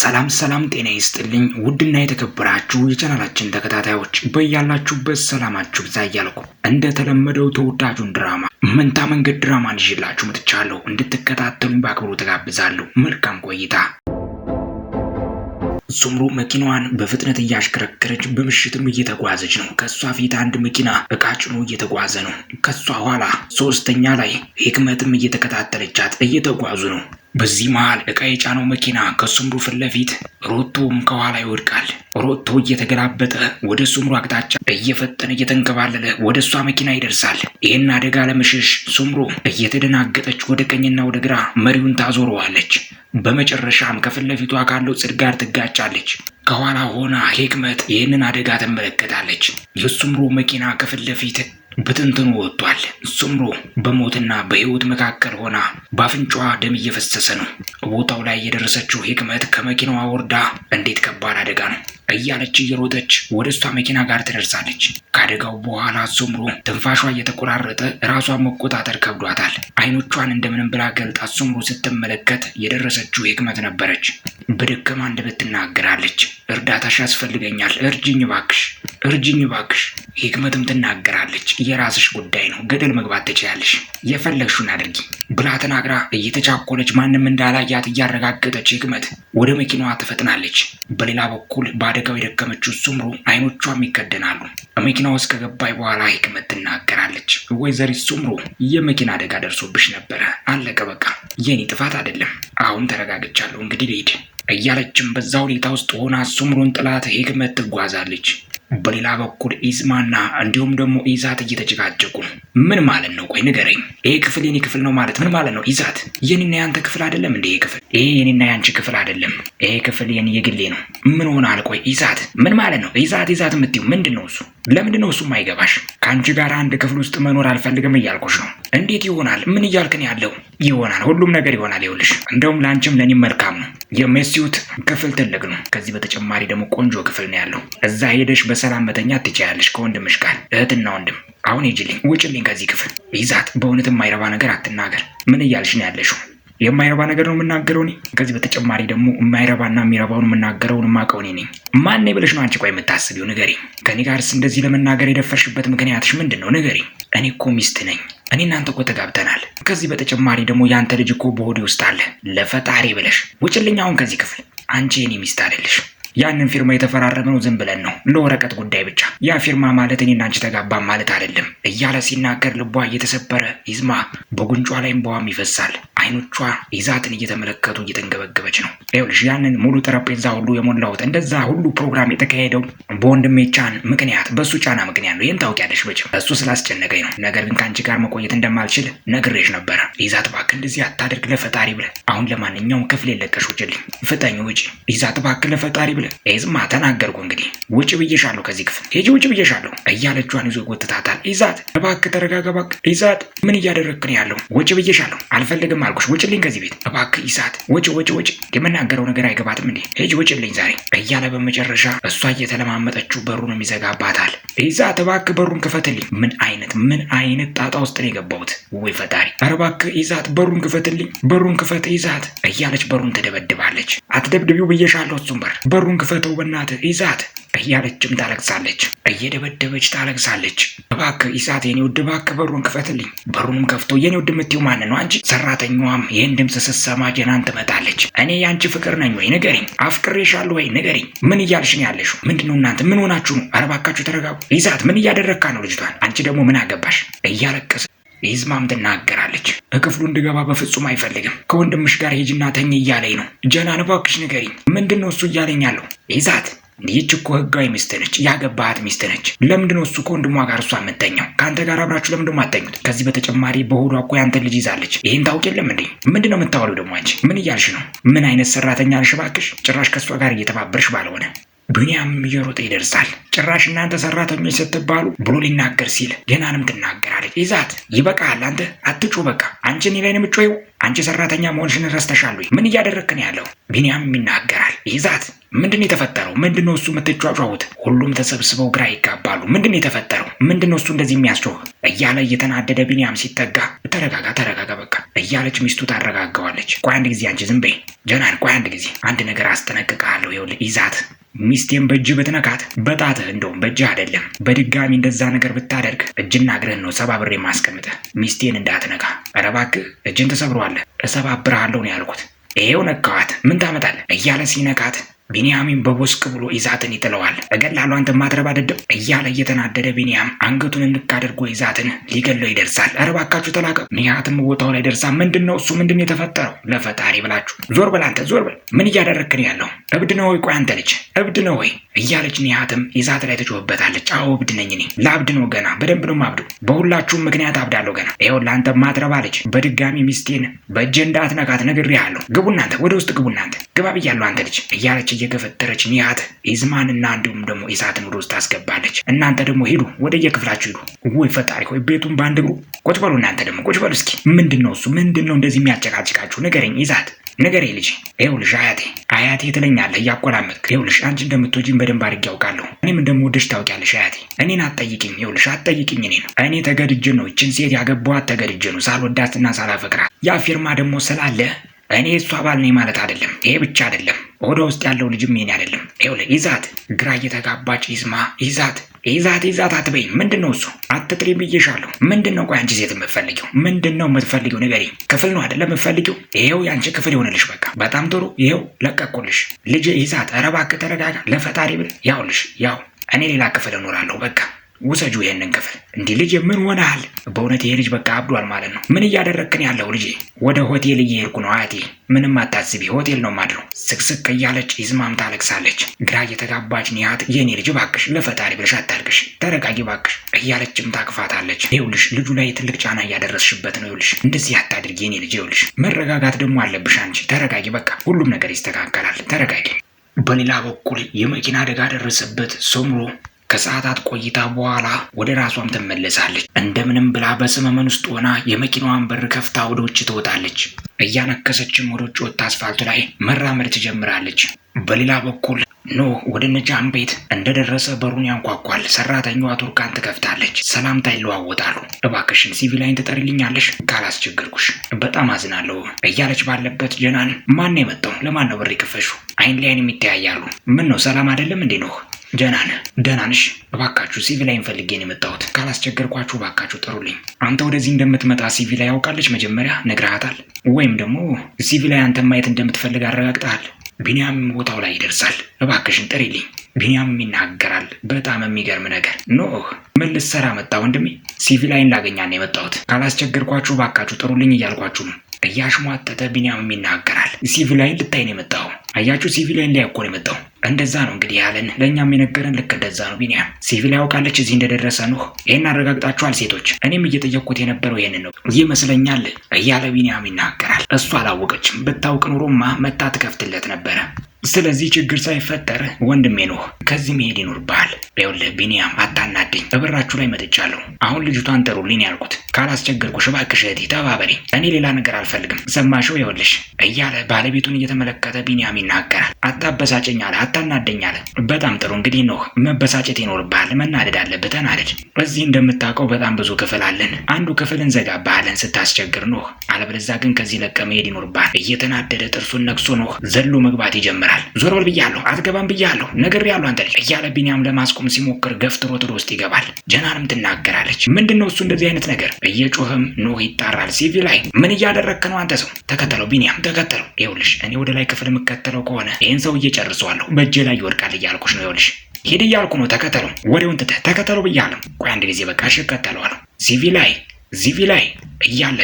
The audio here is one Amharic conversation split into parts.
ሰላም ሰላም፣ ጤና ይስጥልኝ ውድና የተከበራችሁ የቻናላችን ተከታታዮች በያላችሁበት ሰላማችሁ ብዛ እያልኩ እንደተለመደው ተወዳጁን ድራማ መንታ መንገድ ድራማን ይዤላችሁ መጥቻለሁ። እንድትከታተሉኝ በአክብሮት ተጋብዛለሁ። መልካም ቆይታ። ሱምሩ መኪናዋን በፍጥነት እያሽከረከረች በምሽትም እየተጓዘች ነው። ከእሷ ፊት አንድ መኪና እቃ ጭኖ እየተጓዘ ነው። ከእሷ ኋላ ሶስተኛ ላይ ህክመትም እየተከታተለቻት እየተጓዙ ነው። በዚህ መሃል እቃ የጫነው መኪና ከሱምሩ ፊት ለፊት ሮቶም ከኋላ ይወድቃል። ሮቶ እየተገላበጠ ወደ ሱምሩ አቅጣጫ እየፈጠነ እየተንከባለለ ወደ እሷ መኪና ይደርሳል። ይህን አደጋ ለመሸሽ ሱምሩ እየተደናገጠች ወደ ቀኝና ወደ ግራ መሪውን ታዞረዋለች። በመጨረሻም ከፊት ለፊቷ ካለው ጽድ ጋር ትጋጫለች። ከኋላ ሆና ሂክመት ይህንን አደጋ ትመለከታለች። የሱምሩ መኪና ከፊት ለፊት ብትንትኑ ወጥቷል። ሱምሩ በሞትና በህይወት መካከል ሆና በአፍንጫዋ ደም እየፈሰሰ ነው። ቦታው ላይ የደረሰችው ሂክመት ከመኪናዋ ወርዳ እንዴት ከባድ አደጋ ነው እያለች እየሮጠች ወደ እሷ መኪና ጋር ትደርሳለች። ከአደጋው በኋላ አዞምሮ ትንፋሿ እየተቆራረጠ ራሷን መቆጣጠር ከብዷታል። አይኖቿን እንደምንም ብላ ገልጣ አዞምሮ ስትመለከት የደረሰችው ህክመት ነበረች። በደከማ አንደበት ትናገራለች። እርዳታሽ ያስፈልገኛል፣ እርጅኝ ባክሽ፣ እርጅኝ ባክሽ። ህክመትም ትናገራለች። የራስሽ ጉዳይ ነው፣ ገደል መግባት ትችያለሽ፣ የፈለግሹን አድርጊ ብላ ተናግራ እየተቻኮለች ማንም እንዳላያት እያረጋገጠች ህክመት ወደ መኪናዋ ትፈጥናለች። በሌላ በኩል በአደጋው የደከመችው ሱምሩ አይኖቿም ይከደናሉ። መኪና ውስጥ ከገባይ በኋላ ሂክመት ትናገራለች። ወይዘሪት ሱምሩ የመኪና አደጋ ደርሶብሽ ነበረ፣ አለቀ በቃ የኔ ጥፋት አይደለም። አሁን ተረጋግቻለሁ፣ እንግዲህ ልሂድ እያለችም በዛ ሁኔታ ውስጥ ሆና ሱምሩን ጥላት ህክመት ትጓዛለች። በሌላ በኩል ኢስማና እንዲሁም ደግሞ ኢዛት እየተጨቃጨቁ ነው። ምን ማለት ነው? ቆይ ንገረኝ። ይሄ ክፍል የኔ ክፍል ነው ማለት ምን ማለት ነው? ኢዛት የኔና ያንተ ክፍል አይደለም እንዴ? ይሄ ክፍል ይሄ የኔና ያንቺ ክፍል አይደለም። ይሄ ክፍል የኔ የግሌ ነው። ምን ሆናል? ቆይ ኢዛት ምን ማለት ነው? ኢዛት ኢዛት የምትዩ ምንድን ነው እሱ? ለምንድን ነው እሱ የማይገባሽ? ከአንቺ ጋር አንድ ክፍል ውስጥ መኖር አልፈልግም እያልኩሽ ነው። እንዴት ይሆናል? ምን እያልክ ነው ያለው? ይሆናል፣ ሁሉም ነገር ይሆናል። ይኸውልሽ እንደውም ለአንቺም ለእኔም መልካም ነው። የሜሲዩት ክፍል ትልቅ ነው። ከዚህ በተጨማሪ ደግሞ ቆንጆ ክፍል ነው ያለው። እዛ ሄደሽ በሰላም መተኛት ትችያለሽ ከወንድምሽ ጋር። እህትና ወንድም አሁን ሂጂልኝ፣ ውጭልኝ ከዚህ ክፍል። ይዛት በእውነት የማይረባ ነገር አትናገር። ምን እያልሽ ነው ያለሽው? የማይረባ ነገር ነው የምናገረው እኔ። ከዚህ በተጨማሪ ደግሞ የማይረባና የሚረባውን የምናገረውን የማውቀው እኔ ነኝ። ማን ብለሽ ነው አንቺ ቆይ የምታስቢው? ንገሪኝ። ከኔ ጋርስ እንደዚህ ለመናገር የደፈርሽበት ምክንያትሽ ምንድን ነው? እኔ እኮ ሚስት ነኝ። እኔ እናንተ እኮ ተጋብተናል። ከዚህ በተጨማሪ ደግሞ ያንተ ልጅ እኮ በሆዴ ውስጥ አለ። ለፈጣሪ ብለሽ ውጭልኝ አሁን ከዚህ ክፍል። አንቺ የኔ ሚስት አይደለሽ። ያንን ፊርማ የተፈራረምነው ዝም ብለን ነው ለወረቀት ጉዳይ ብቻ። ያ ፊርማ ማለት እኔ አንቺ ተጋባን ማለት አይደለም እያለ ሲናገር ልቧ እየተሰበረ ይዝማ በጉንጯ ላይ በዋም ይፈሳል። አይኖቿ ይዛትን እየተመለከቱ እየተንገበገበች ነው። ይኸውልሽ ያንን ሙሉ ጠረጴዛ ሁሉ የሞላሁት እንደዛ ሁሉ ፕሮግራም የተካሄደው በወንድሜ ቻን ምክንያት በእሱ ጫና ምክንያት ነው። ይህን ታውቂያለሽ። መቼም እሱ ስላስጨነቀኝ ነው። ነገር ግን ከአንቺ ጋር መቆየት እንደማልችል ነግሬሽ ነበረ። ይዛት እባክህ እንደዚህ አታድርግ ለፈጣሪ ብለህ አሁን ለማንኛውም ክፍል የለቀሽ ውጭልኝ፣ ፍጠኝ፣ ውጭ። ይዛት እባክህ ለፈጣሪ ብለህ ይዝማ ተናገርኩ። እንግዲህ ውጭ ብዬሻለሁ፣ ከዚህ ክፍል ሂጂ፣ ውጭ ብዬሻለሁ እያለጇን ይዞ ይጎትታታል። ይዛት እባክህ ተረጋጋ፣ እባክህ ይዛት ምን እያደረግክ ነው ያለው? ውጭ ብዬሻለሁ፣ አልፈልግም አልኩሽ ውጭልኝ ከዚህ ቤት እባክህ ይሳት ውጭ ውጭ ውጭ የምናገረው ነገር አይገባትም እንዴ ሂጅ ውጭልኝ ዛሬ እያለ በመጨረሻ እሷ እየተለማመጠችው በሩን ይዘጋባታል ይሳት እባክህ በሩን ክፈትልኝ ምን አይነት ምን አይነት ጣጣ ውስጥ ነው የገባሁት ወይ ፈጣሪ ኧረ እባክህ በሩን ክፈትልኝ በሩን ክፈት ይዛት እያለች በሩን ትደበድባለች አትደብድቢው ብዬሻለሁ እሱን በር በሩን ክፈተው በእናትህ ይዛት እያለችም ታለቅሳለች እየደበደበች ታለቅሳለች እባክህ ይሳት የኔ ውድ እባክህ በሩን ክፈትልኝ በሩንም ከፍቶ የኔ ውድ የምትይው ማንን ነው አንቺ ሰራተኛ ጓደኛዋም ይህን ድምፅ ስትሰማ ጀናን ትመጣለች። እኔ የአንቺ ፍቅር ነኝ ወይ ንገሪኝ፣ አፍቅሬሻለሁ ወይ ንገሪኝ፣ ምን እያልሽ ነው ያለሽው? ምንድን ነው እናንተ ምን ሆናችሁ ነው? ኧረ እባካችሁ ተረጋጉ። ይዛት ምን እያደረግካ ነው ልጅቷን? አንቺ ደግሞ ምን አገባሽ? እያለቀሰ ይዝማም ትናገራለች። ክፍሉ እንድገባ በፍጹም አይፈልግም። ከወንድምሽ ጋር ሂጂና ተኝ እያለኝ ነው። ጀናን እባክሽ ንገሪኝ፣ ምንድን ነው እሱ እያለኝ ያለው? ይዛት ይህች እኮ ህጋዊ ሚስት ነች፣ ያገባሃት ሚስት ነች። ለምንድን ነው እሱ ከወንድሟ ጋር እሷ የምተኛው? ከአንተ ጋር አብራችሁ ለምንድ አተኙት? ከዚህ በተጨማሪ በሆዷ እኮ ያንተ ልጅ ይዛለች። ይህን ታውቅ የለም እንዴ? ነው የምታወሪው ደግሞ አንቺ? ምን እያልሽ ነው? ምን አይነት ሰራተኛ ነሽ እባክሽ? ጭራሽ ከእሷ ጋር እየተባበርሽ ባልሆነ ዱንያም እየሮጠ ይደርሳል። ጭራሽ እናንተ ሰራተኞች ስትባሉ ብሎ ሊናገር ሲል ሌናንም ትናገራለች። ይዛት ይበቃል፣ አንተ አትጩ፣ በቃ አንቺን ላይ ንምጮይው አንቺ ሰራተኛ መሆንሽን ረስተሻሉ። ምን እያደረክን ያለው? ቢንያምም ይናገራል። ይዛት ምንድን የተፈጠረው? ምንድን ነው እሱ የምትጫጫሁት? ሁሉም ተሰብስበው ግራ ይጋባሉ። ምንድን የተፈጠረው? ምንድን ነው እሱ እንደዚህ የሚያስጮህ እያለ እየተናደደ ቢንያም ሲጠጋ፣ ተረጋጋ፣ ተረጋጋ በቃ እያለች ሚስቱ ታረጋገዋለች። ቆይ አንድ ጊዜ አንቺ ዝም በይ ጀናን፣ ቆይ አንድ ጊዜ አንድ ነገር አስጠነቅቃለሁ። ይኸውልህ ይዛት ሚስቴን በእጅ ብትነካት በጣትህ እንደውም በእጅህ አይደለም፣ በድጋሚ እንደዛ ነገር ብታደርግ እጅና እግርህን ነው ሰባብሬ ማስቀምጥህ። ሚስቴን እንዳትነካ። ኧረ እባክህ እጅን ተሰብሯዋለህ። እሰባብርሃለሁ ነው ያልኩት። ይሄው ነካዋት፣ ምን ታመጣለህ እያለ ሲነካት ቢንያሚን በቦስቅ ብሎ ይዛትን ይጥለዋል። በቀላሉ አንተ ማትረባ ደደብ እያለ እየተናደደ ቢንያም አንገቱን እንቅ አድርጎ ይዛትን ሊገለው ይደርሳል። ኧረ እባካችሁ ተላቀ። ኒሃትም ቦታው ላይ ደርሳ ምንድን ነው እሱ ምንድን ነው የተፈጠረው? ለፈጣሪ ብላችሁ ዞር በል አንተ ዞር በል ምን እያደረግክን ያለው እብድ ነው ወይ? ቆይ አንተ ልጅ እብድ ነው ወይ እያለች ኒሃትም ይዛት ላይ ተጮህበታለች። አዎ እብድ ነኝ እኔ ለአብድ ነው ገና በደንብ ነው ማብዱ። በሁላችሁም ምክንያት አብዳለሁ ገና። ይኸው ለአንተ ማትረባ ልጅ በድጋሚ ሚስቴን በእጄ እንዳትነካት ነግሬሃለሁ። ግቡ እናንተ ወደ ውስጥ ግቡ እናንተ ግባ ብያለሁ አንተ ልጅ እያለች እየገፈተረች ኒያት ኢዝማንና እንዲሁም ደግሞ ኢሳትን ወደ ውስጥ ታስገባለች። እናንተ ደግሞ ሂዱ፣ ወደ የክፍላችሁ ሂዱ። ወይ ፈጣሪ ሆይ ቤቱን በአንድ እግሩ ቁጭ በሉ። እናንተ ደግሞ ቁጭ በሉ። እስኪ ምንድን ነው እሱ ምንድን ነው እንደዚህ የሚያጨቃጭቃችሁ? ንገረኝ ኢሳት ነገር ልጅ ይኸውልሽ፣ አያቴ አያቴ ትለኛለህ እያቆላመጥክ። ይኸውልሽ አንቺ እንደምትወጂኝ በደንብ አድርጌ ያውቃለሁ። እኔም እንደምወደሽ ታውቂያለሽ አያቴ። እኔን አትጠይቅኝ፣ ይኸውልሽ አትጠይቅኝ። እኔን እኔ ተገድጄ ነው እችን ሴት ያገባኋት፣ ተገድጄ ነው ሳልወዳትና ሳላፈቅራት። ያ ፊርማ ደግሞ ስላለ እኔ እሷ አባል ነኝ ማለት አይደለም። ይሄ ብቻ አይደለም፣ ወደ ውስጥ ያለው ልጅም የኔ አይደለም። ይኸውልህ ይዛት ግራ እየተጋባች ይዝማ ይዛት ይዛት ይዛት አትበይ። ምንድን ነው እሱ አትጥሪ ብዬሻለሁ። ምንድን ነው ቆይ አንቺ ሴት የምትፈልጊው ምንድን ነው የምትፈልጊው? ክፍል ነው አይደለም የምትፈልጊው? ይኸው የአንቺ ክፍል ይሆንልሽ። በቃ በጣም ጥሩ። ይኸው ለቀቁልሽ። ልጅ ይዛት፣ ኧረ እባክህ ተረጋጋ፣ ለፈጣሪ ብል ያውልሽ። ያው እኔ ሌላ ክፍል እኖራለሁ በቃ ውሰጁ ይሄንን ክፍል። እንዲህ ልጅ ምን ሆነሃል? በእውነት ይሄ ልጅ በቃ አብዷል ማለት ነው። ምን እያደረግክን ያለው ልጄ? ወደ ሆቴል እየሄድኩ ነው አያቴ። ምንም አታስቢ፣ ሆቴል ነው ማድረው። ስቅስቅ እያለች ይዝማም ታለቅሳለች። ግራ እየተጋባች ኒያት፣ የኔ ልጅ ባክሽ ለፈጣሪ ብለሽ አታልቅሽ፣ ተረጋጊ ባክሽ እያለችም ታቅፋታለች። ይኸውልሽ ልጁ ላይ ትልቅ ጫና እያደረስሽበት ነው። ይኸውልሽ እንደዚህ አታድርጊ የኔ ልጅ። ይኸውልሽ መረጋጋት ደግሞ አለብሽ አንቺ። ተረጋጊ በቃ ሁሉም ነገር ይስተካከላል። ተረጋጊ። በሌላ በኩል የመኪና አደጋ ደረሰበት ሶምሮ ከሰዓታት ቆይታ በኋላ ወደ ራሷም ትመለሳለች። እንደምንም ብላ በሰመመን ውስጥ ሆና የመኪናዋን በር ከፍታ ወደ ውጭ ትወጣለች። እያነከሰችም ወደ ውጭ ወጥታ አስፋልቱ ላይ መራመድ ትጀምራለች። በሌላ በኩል ኖ ወደ ነጃም ቤት እንደደረሰ በሩን ያንኳኳል። ሰራተኛዋ ቱርካን ትከፍታለች። ሰላምታ ይለዋወጣሉ። እባክሽን ሲቪ ላይን ትጠሪልኛለሽ? ካላስቸገርኩሽ በጣም አዝናለሁ እያለች ባለበት ጀናን ማን የመጣው ለማን ነው በር የከፈሹ? አይን ላይን የሚተያያሉ። ምን ነው ሰላም አይደለም እንዴ ኖህ ደህና ነህ? ደህና ነሽ? እባካችሁ ሲቪላይን ፈልጌ ነው የመጣሁት። ካላስቸገርኳችሁ እባካችሁ ጥሩልኝ። አንተ ወደዚህ እንደምትመጣ ላይ ያውቃለች? መጀመሪያ ነግረሃታል? ወይም ደግሞ ላይ አንተን ማየት እንደምትፈልግ አረጋግጠሃል? ቢንያም ቦታው ላይ ይደርሳል። እባክሽን ጥሪልኝ። ቢንያምም ይናገራል። በጣም የሚገርም ነገር ኖህ ምን ልትሰራ መጣ ወንድሜ? ሲቪላይን ላገኛ ነው የመጣሁት። ካላስቸገርኳችሁ እባካችሁ ጥሩልኝ እያልኳችሁ ነው። እያሽሟጠጠ ቢንያም ይናገራል። ሲቪላይን ልታይ ነው የመጣው አያችሁ ሲቪላይ እንዲያኮር የመጣው እንደዛ ነው እንግዲህ ያለን ለእኛም የነገረን ልክ እንደዛ ነው። ቢኒያም ሲቪል ያውቃለች እዚህ እንደደረሰ ነው። ይህን አረጋግጣችኋል ሴቶች? እኔም እየጠየቅኩት የነበረው ይሄን ነው ይመስለኛል እያለ ቢኒያም ይናገራል። እሱ አላወቀችም። ብታውቅ ኑሮማ መታ ትከፍትለት ነበረ። ስለዚህ ችግር ሳይፈጠር ወንድሜ ነው ከዚህ መሄድ ይኖርብሃል። ይኸውልህ ቢኒያም አታናደኝ፣ በበራችሁ ላይ መጥቻለሁ። አሁን ልጅቷን ጠሩልኝ ያልኩት ካላስቸገርኩሽ እባክሽ እህቴ ተባበሪ፣ እኔ ሌላ ነገር አልፈልግም። ሰማሽው? ይኸውልሽ እያለ ባለቤቱን እየተመለከተ ቢኒያም ይናገራል። አታበሳጨኝ አለ፣ አታናደኝ አለ። በጣም ጥሩ እንግዲህ ነው መበሳጨት ይኖርብሃል። መናደድ አለብህ፣ ተናደድ። እዚህ እንደምታውቀው በጣም ብዙ ክፍል አለን። አንዱ ክፍል እንዘጋብሃለን ስታስቸግር ነው፣ አለበለዚያ ግን ከዚህ ለቀህ መሄድ ይኖርብሃል። እየተናደደ ጥርሱን ነክሶ ነው ዘሎ መግባት ይጀምራል። ይሆናል። ዞር በል ብያለሁ፣ አትገባም ብያለሁ፣ ነግሬያለሁ አንተ ልጅ እያለ ቢኒያም ለማስቆም ሲሞክር ገፍትሮ ወደ ውስጥ ይገባል። ጀናንም ትናገራለች። ምንድን ነው እሱ እንደዚህ አይነት ነገር? እየጮህም ኖህ ይጣራል። ሲቪ ላይ ምን እያደረግክ ነው አንተ ሰው? ተከተለው ቢኒያም ተከተለው። ይኸውልሽ እኔ ወደ ላይ ክፍል የምከተለው ከሆነ ይህን ሰው እየጨርሰዋለሁ፣ በእጄ ላይ ይወድቃል እያልኩሽ ነው። ይኸውልሽ ሂድ እያልኩ ነው። ተከተለው፣ ወዲያውን ትተህ ተከተለው ብያለሁ። ቆይ አንድ ጊዜ በቃ እሺ እከተለዋለሁ። ሲቪ ላይ ዚቪ እያለ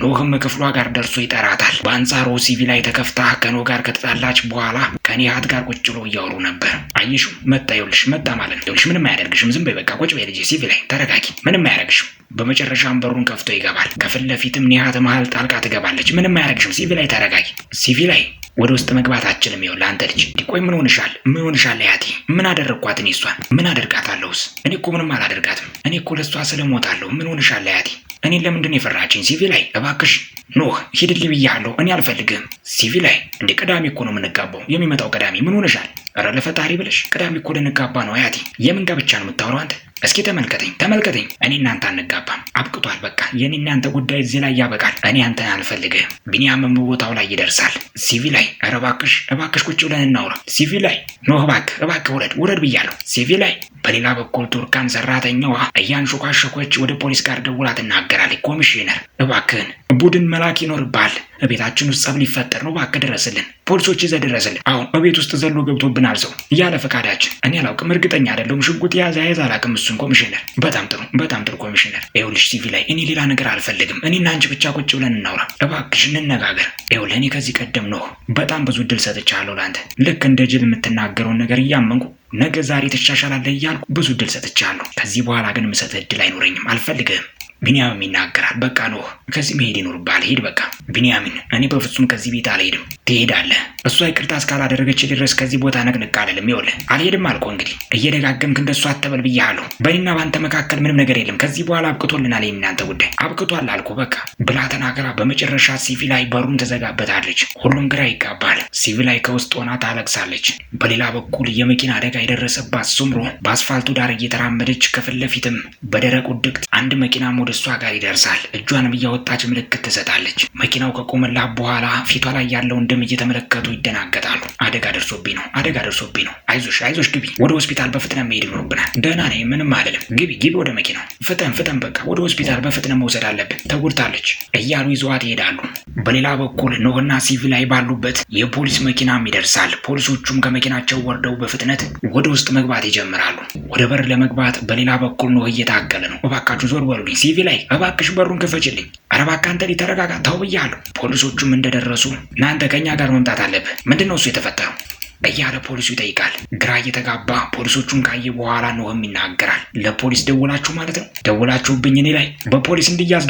ኖህም ክፍሏ ጋር ደርሶ ይጠራታል። በአንጻሩ ሲቪ ላይ ተከፍታ ከኖ ጋር ከተጣላች በኋላ ከኒሃት ጋር ቁጭ ብሎ እያወሩ ነበር። አየሽው መጣ፣ ይኸውልሽ መጣ ማለት ነው። ይኸውልሽ ምንም አያደርግሽም፣ ዝም በይ በቃ ቁጭ በይ ልጄ። ሲቪ ላይ ተረጋጊ፣ ምንም አያደርግሽም በመጨረሻም በሩን ከፍቶ ይገባል። ከፊት ለፊትም ኒሃት መሀል ጣልቃ ትገባለች። ምንም አያደርግሽም ሲቪ ላይ ተረጋጊ። ሲቪ ላይ ወደ ውስጥ መግባት አችልም። ይኸውልህ አንተ ልጅ ዲቆይ ምን ሆንሻል? ምን ሆንሻል? ያቲ ምን አደረግኳት? እኔ እሷን ምን አደርጋታለሁስ? እኔ እኮ ምንም አላደርጋትም። እኔ እኮ ለእሷ ስለሞታለሁ። ምን ሆንሻል? ያቴ እኔን ለምንድን የፈራችኝ? ሲቪ ላይ እባክሽ ኖህ ሂድልኝ ብያለሁ። እኔ አልፈልግም። ሲቪ ላይ እንደ ቅዳሜ እኮ ነው የምንጋባው የሚመጣው ቅዳሜ። ምን ሆንሻል? ኧረ ለፈጣሪ ብለሽ ቅዳሜ እኮ ልንጋባ ነው አያቴ። የምን ጋብቻ ነው የምታወራው አንተ? እስኪ ተመልከተኝ ተመልከተኝ። እኔ እናንተ አንጋባም፣ አብቅቷል። በቃ የኔ እናንተ ጉዳይ እዚህ ላይ ያበቃል። እኔ አንተን አልፈልግህም። ቢኒያምም ቦታው ላይ ይደርሳል። ሲቪ ላይ ኧረ እባክሽ እባክሽ ቁጭ ብለን እናውራ። ሲቪ ላይ ኖህ እባክህ እባክህ ውረድ ውረድ ብያለሁ። ሲቪ ላይ በሌላ በኩል ቱርካን ሰራተኛዋ እያንሾኳሾኮች ወደ ፖሊስ ጋር ደውላ ትናገራለች። ኮሚሽነር እባክህን ቡድን መላክ ይኖርብሃል በቤታችን ውስጥ ጸብ ሊፈጠር ነው። እባክህ ድረስልን፣ ፖሊሶች ይዘህ ድረስልን። አሁን በቤት ውስጥ ዘሎ ገብቶብናል ሰው እያለ ፈቃዳችን። እኔ አላውቅም፣ እርግጠኛ አይደለሁም። ሽጉጥ የያዘ ያዝ አላውቅም። እሱን ኮሚሽነር፣ በጣም ጥሩ፣ በጣም ጥሩ ኮሚሽነር። ይኸውልሽ ሲቪ ላይ እኔ ሌላ ነገር አልፈልግም። እኔና አንቺ ብቻ ቁጭ ብለን እናውራ፣ እባክሽ እንነጋገር። ይኸውልህ እኔ ከዚህ ቀደም ነው በጣም ብዙ እድል ሰጥቻለሁ ለአንተ። ልክ እንደ ጅል የምትናገረውን ነገር እያመንኩ ነገ ዛሬ ትሻሻላለህ እያልኩ ብዙ ድል ሰጥቻለሁ። ከዚህ በኋላ ግን የምሰጥህ እድል አይኖረኝም። አልፈልግህም ቢንያምም ይናገራል። በቃ ኖህ ከዚህ መሄድ ይኖርብሃል፣ ሄድ በቃ። ቢንያሚን እኔ በፍጹም ከዚህ ቤት አልሄድም። ትሄዳለህ። እሷ ይቅርታ እስካላደረገች ድረስ ከዚህ ቦታ ነቅንቅ አልልም። ይኸውልህ አልሄድም አልኮ እንግዲህ እየደጋገምክ እንደሱ አተበል ብያለሁ። በእኔና በአንተ መካከል ምንም ነገር የለም። ከዚህ በኋላ አብቅቶልናል፣ የእናንተ ጉዳይ አብቅቷል አልኮ በቃ ብላ ተናገራ። በመጨረሻ ሲቪ ላይ በሩን ተዘጋበታለች። ሁሉም ግራ ይጋባል። ሲቪ ላይ ከውስጥ ሆና ታለቅሳለች። በሌላ በኩል የመኪና አደጋ የደረሰባት ሱምሮ በአስፋልቱ ዳር እየተራመደች ከፊት ለፊትም በደረቁ ድቅት አንድ መኪና ወደ እሷ ጋር ይደርሳል። እጇንም እያወጣች ምልክት ትሰጣለች። መኪናው ከቆመላት በኋላ ፊቷ ላይ ያለውን ደም እየተመለከቱ ይደናገጣሉ። አደጋ ደርሶብኝ ነው፣ አደጋ ደርሶብኝ ነው። አይዞሽ፣ አይዞሽ፣ ግቢ። ወደ ሆስፒታል በፍጥነት መሄድ ይኖርብናል። ደህና ነኝ፣ ምንም አልልም። ግቢ፣ ግቢ፣ ወደ መኪናው። ፍጠን፣ ፍጠን፣ በቃ ወደ ሆስፒታል በፍጥነት መውሰድ አለብን፣ ተጎድታለች እያሉ ይዘዋት ይሄዳሉ። በሌላ በኩል ኖህና ሲቪ ላይ ባሉበት የፖሊስ መኪናም ይደርሳል። ፖሊሶቹም ከመኪናቸው ወርደው በፍጥነት ወደ ውስጥ መግባት ይጀምራሉ። ወደ በር ለመግባት በሌላ በኩል ኖህ እየታገለ ነው። እባካችሁ ዞር በሉልኝ፣ ሲቪ ቲቪ ላይ እባክሽ በሩን ክፈችልኝ። ኧረ እባክህ አንተ ተረጋጋ፣ ተው ብያለሁ። ፖሊሶቹም እንደደረሱ እናንተ ከእኛ ጋር መምጣት አለብህ፣ ምንድን ነው እሱ የተፈጠረው እያለ ፖሊሱ ይጠይቃል። ግራ እየተጋባ ፖሊሶቹን ካየ በኋላ ኖህም ይናገራል። ለፖሊስ ደውላችሁ ማለት ነው? ደውላችሁብኝ እኔ ላይ በፖሊስ እንድያዝ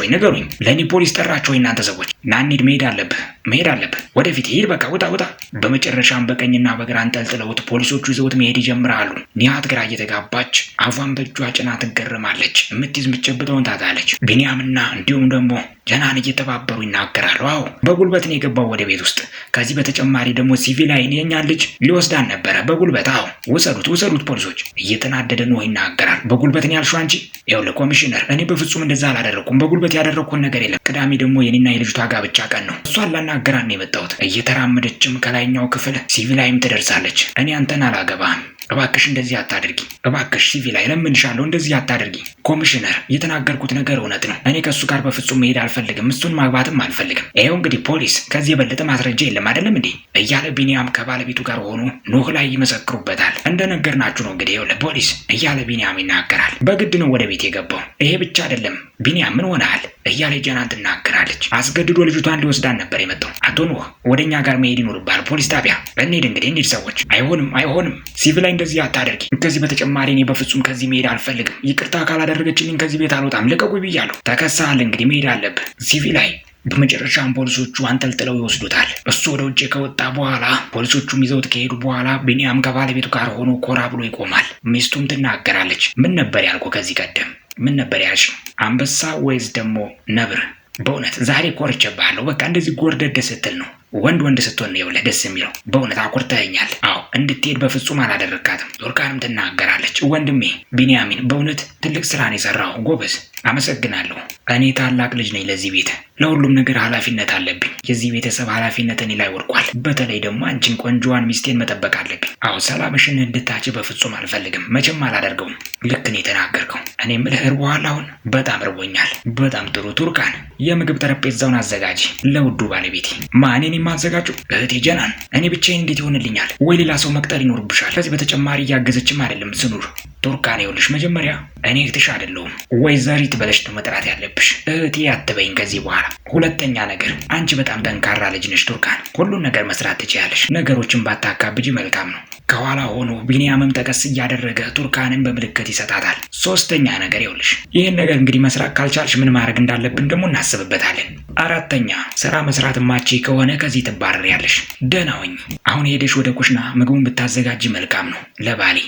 ወይ? ንገሩኝ። ለእኔ ፖሊስ ጠራችሁ ወይ? እናንተ ሰዎች ናኔድ መሄድ አለብህ መሄድ አለብን። ወደፊት ሄድ፣ በቃ ውጣ ውጣ። በመጨረሻም በቀኝና በግራ አንጠልጥለውት ፖሊሶቹ ይዘውት መሄድ ይጀምራሉ። ኒያት ግራ እየተጋባች አፏን በእጇ ጭና ትገረማለች። የምትይዝ የምትጨብጠውን ታጣለች። ቢንያምና እንዲሁም ደግሞ ጀናን እየተባበሩ ይናገራሉ። አዎ በጉልበት ነው የገባው ወደ ቤት ውስጥ። ከዚህ በተጨማሪ ደግሞ ሲቪላይን የኛ ልጅ ሊወስዳን ነበረ በጉልበት። አዎ ውሰዱት፣ ውሰዱት ፖሊሶች። እየተናደደ ነው ይናገራል። በጉልበት ነው ያልሽው አንቺ? ይኸውልህ ኮሚሽነር፣ እኔ በፍጹም እንደዛ አላደረግኩም። በጉልበት ያደረግኩን ነገር የለም። ቅዳሜ ደግሞ የኔና የልጅቷ ጋብቻ ቀን ነው። እሷን ላና ልናገራት የመጣሁት። እየተራመደችም ከላይኛው ክፍል ሲቪላይም ትደርሳለች። እኔ አንተን አላገባህም እባክሽ እንደዚህ አታድርጊ፣ እባክሽ ሲቪል ላይ ለምንሻለሁ፣ እንደዚህ አታድርጊ። ኮሚሽነር የተናገርኩት ነገር እውነት ነው። እኔ ከእሱ ጋር በፍጹም መሄድ አልፈልግም፣ እሱን ማግባትም አልፈልግም። ይኸው እንግዲህ ፖሊስ፣ ከዚህ የበለጠ ማስረጃ የለም አይደለም እንዴ? እያለ ቢኒያም ከባለቤቱ ጋር ሆኖ ኖህ ላይ ይመሰክሩበታል። እንደነገርናችሁ ነው እንግዲህ ይኸውልህ ፖሊስ እያለ ቢኒያም ይናገራል። በግድ ነው ወደ ቤት የገባው። ይሄ ብቻ አይደለም ቢኒያም ምን ሆነሃል እያለ ጀናን ትናገራለች። አስገድዶ ልጅቷን ሊወስዳን ነበር የመጣው። አቶ ኖህ ወደ እኛ ጋር መሄድ ይኖርብሃል ፖሊስ ጣቢያ። እንሂድ እንግዲህ እንሂድ ሰዎች። አይሆንም አይሆንም ሲቪላይ እንደዚህ አታደርጊ። ከዚህ በተጨማሪ እኔ በፍጹም ከዚህ መሄድ አልፈልግም። ይቅርታ ካላደረገችልኝ ከዚህ ቤት አልወጣም። ልቀቁኝ ብያለሁ። ተከሳል። እንግዲህ መሄድ አለብህ ሲቪላይ በመጨረሻም ፖሊሶቹ አንጠልጥለው ይወስዱታል። እሱ ወደ ውጭ ከወጣ በኋላ ፖሊሶቹም ይዘውት ከሄዱ በኋላ ቢኒያም ከባለቤቱ ጋር ሆኖ ኮራ ብሎ ይቆማል። ሚስቱም ትናገራለች። ምን ነበር ያልኩ? ከዚህ ቀደም ምን ነበር ያልሽ? አንበሳ ወይስ ደግሞ ነብር? በእውነት ዛሬ ኮርቼብሃለሁ። በቃ እንደዚህ ጎርደደ ስትል ነው ወንድ ወንድ ስትሆን የውለህ ደስ የሚለው በእውነት አኩርተኸኛል። አዎ እንድትሄድ በፍጹም አላደረግካትም። ዮርካንም ትናገራለች፣ ወንድሜ ቢንያሚን በእውነት ትልቅ ስራን የሰራው ጎበዝ አመሰግናለሁ። እኔ ታላቅ ልጅ ነኝ። ለዚህ ቤት ለሁሉም ነገር ኃላፊነት አለብኝ። የዚህ ቤተሰብ ኃላፊነት እኔ ላይ ወድቋል። በተለይ ደግሞ አንቺን ቆንጆዋን ሚስቴን መጠበቅ አለብኝ። አዎ ሰላምሽን እንድታች በፍጹም አልፈልግም። መቼም አላደርገውም። ልክ ነው የተናገርከው። እኔ ምልህ እርቦሃል? አሁን በጣም እርቦኛል። በጣም ጥሩ። ቱርካን የምግብ ጠረጴዛውን አዘጋጂ ለውዱ ባለቤቴ። ማንን የማዘጋጀው እህቴ ጀናን። እኔ ብቻዬን እንዴት ይሆንልኛል? ወይ ሌላ ሰው መቅጠር ይኖርብሻል። ከዚህ በተጨማሪ እያገዘችም አይደለም ስኑር ቱርካን ይኸውልሽ፣ መጀመሪያ እኔ እህትሽ አይደለሁም ወይዘሪት በለሽ ነው መጥራት ያለብሽ። እህቴ አትበይኝ ከዚህ በኋላ። ሁለተኛ ነገር አንቺ በጣም ጠንካራ ልጅ ነሽ ቱርካን፣ ሁሉን ነገር መስራት ትችያለሽ። ነገሮችን ባታካብጂ መልካም ነው። ከኋላ ሆኖ ቢኒያምም ጠቀስ እያደረገ ቱርካንን በምልክት ይሰጣታል። ሶስተኛ ነገር ይኸውልሽ፣ ይህን ነገር እንግዲህ መስራት ካልቻልሽ ምን ማድረግ እንዳለብን ደግሞ እናስብበታለን። አራተኛ ስራ መስራት ማቺ ከሆነ ከዚህ ትባረሪያለሽ። ደህና ሁኝ። አሁን ሄደሽ ወደ ኩሽና ምግቡን ብታዘጋጅ መልካም ነው ለባሌ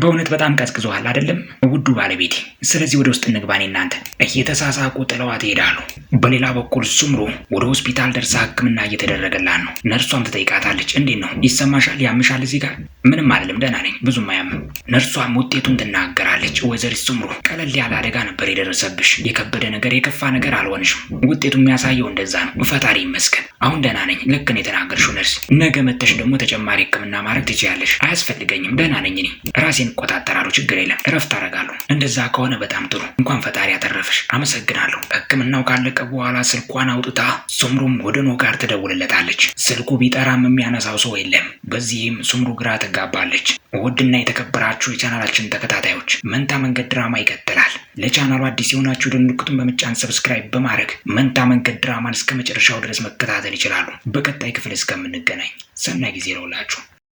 በእውነት በጣም ቀዝቅዞሃል አይደለም ውዱ ባለቤቴ። ስለዚህ ወደ ውስጥ እንግባኔ እናንተ። እየተሳሳቁ ጥለዋት ይሄዳሉ። በሌላ በኩል ሱምሩ ወደ ሆስፒታል ደርሳ ሕክምና እየተደረገላት ነው። ነርሷም ትጠይቃታለች። እንዴት ነው ይሰማሻል? ያምሻል? እዚህ ጋር ምንም አይደለም፣ ደህና ነኝ፣ ብዙም አያምም። ነርሷም ውጤቱን ትናገራለች። ወይዘሪት ሱምሩ፣ ቀለል ያለ አደጋ ነበር የደረሰብሽ። የከበደ ነገር፣ የከፋ ነገር አልሆንሽም። ውጤቱ የሚያሳየው እንደዛ ነው። ፈጣሪ ይመስገን፣ አሁን ደህና ነኝ። ልክ ነው የተናገርሽው ነርስ። ነገ መተሽ ደግሞ ተጨማሪ ሕክምና ማድረግ ትችያለሽ። አያስፈልገኝም፣ ደህና ነኝ እኔ ራሴ ራሴን እቆጣጠራለሁ። ችግር የለም፣ እረፍት አደርጋለሁ። እንደዛ ከሆነ በጣም ጥሩ። እንኳን ፈጣሪ ያተረፈሽ። አመሰግናለሁ። ህክምናው ካለቀ በኋላ ስልኳን አውጥታ ሱምሩም ወደ ኖ ጋር ትደውልለታለች። ስልኩ ቢጠራም የሚያነሳው ሰው የለም። በዚህም ሱምሩ ግራ ትጋባለች። ውድና የተከበራችሁ የቻናላችን ተከታታዮች መንታ መንገድ ድራማ ይቀጥላል። ለቻናሉ አዲስ የሆናችሁ ድንቁቱን በመጫን ሰብስክራይብ በማድረግ መንታ መንገድ ድራማን እስከ መጨረሻው ድረስ መከታተል ይችላሉ። በቀጣይ ክፍል እስከምንገናኝ ሰናይ ጊዜ ለውላችሁ።